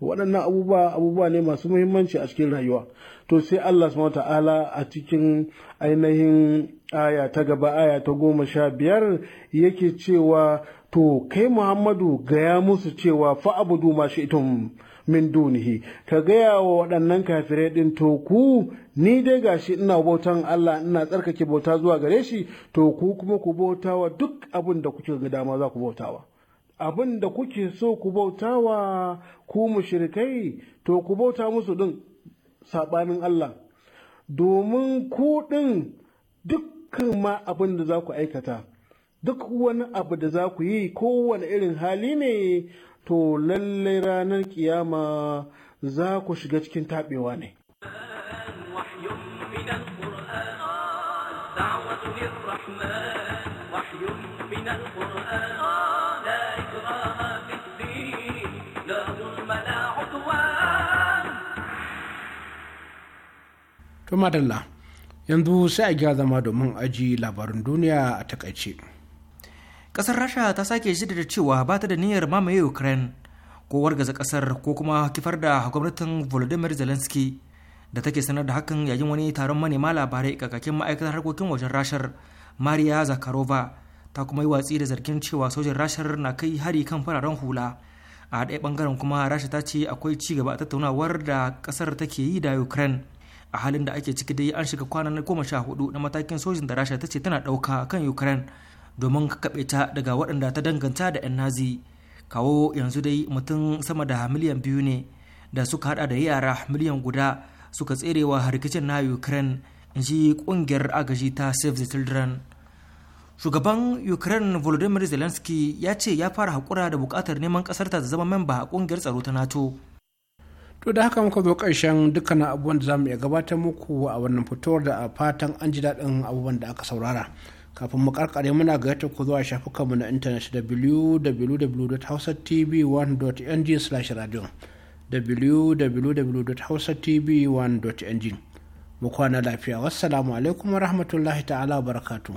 Speaker 11: waɗannan abubuwa abubuwa ne masu muhimmanci a cikin rayuwa to sai Allah subhanahu ta'ala a cikin ainihin aya ta gaba aya ta goma sha biyar yake cewa to kai Muhammadu gaya musu cewa fa'abudu ma min dunihi ka gaya wa waɗannan kafirai ɗin to ku ni dai gashi ina bautan Allah ina tsarkake bauta zuwa gare shi to ku kuma ku bauta wa duk abin da kuke ga dama za ku bautawa abin da kuke so ku bauta wa ku mushrikai to ku bauta musu ɗin saɓanin Allah domin ku din dukkan ma abin da za ku aikata duk wani abu da za ku yi kowane irin hali ne to lallai ranar kiyama za ku shiga cikin taɓewa ne
Speaker 2: to madalla yanzu sai a gyara zama
Speaker 5: domin aji labarin duniya a takaice kasar rasha ta sake shida cewa ba ta da niyyar mamaye ukraine ko wargaza kasar ko kuma kifar da gwamnatin volodymyr zelensky da take sanar da hakan yayin wani taron manema labarai kakakin ma'aikatar harkokin wajen rashar maria zakarova ta kuma yi watsi da zargin cewa sojin rashar na kai hari kan fararen hula a ɗaya bangaren kuma rasha ta ce akwai ci gaba a tattaunawar da kasar take yi da ukraine a halin da ake ciki dai an shiga kwana na goma sha hudu na matakin sojin da rasha ta ce tana dauka kan ukraine domin kakaɓe ta daga waɗanda ta danganta da 'yan nazi kawo yanzu dai mutum sama da miliyan biyu ne da suka hada da yara miliyan guda suka tserewa rikicin na ukraine in ji kungiyar agaji ta save the children shugaban ukraine volodymyr zelensky ya ce ya fara hakura da bukatar neman ƙasar ta zama memba a kungiyar tsaro ta nato
Speaker 2: to da haka muka zo ƙarshen dukkanin abubuwan da za mu iya gabatar muku a wannan fitowar da a fatan an ji daɗin abubuwan da aka saurara kafin mu karkare muna gayyata ku zuwa shafukanmu na intanet www.hausatv1.ng slash radio www.hausatv1.ng mu kwana lafiya wassalamu alaikum wa rahmatullahi ta'ala wa barakatuh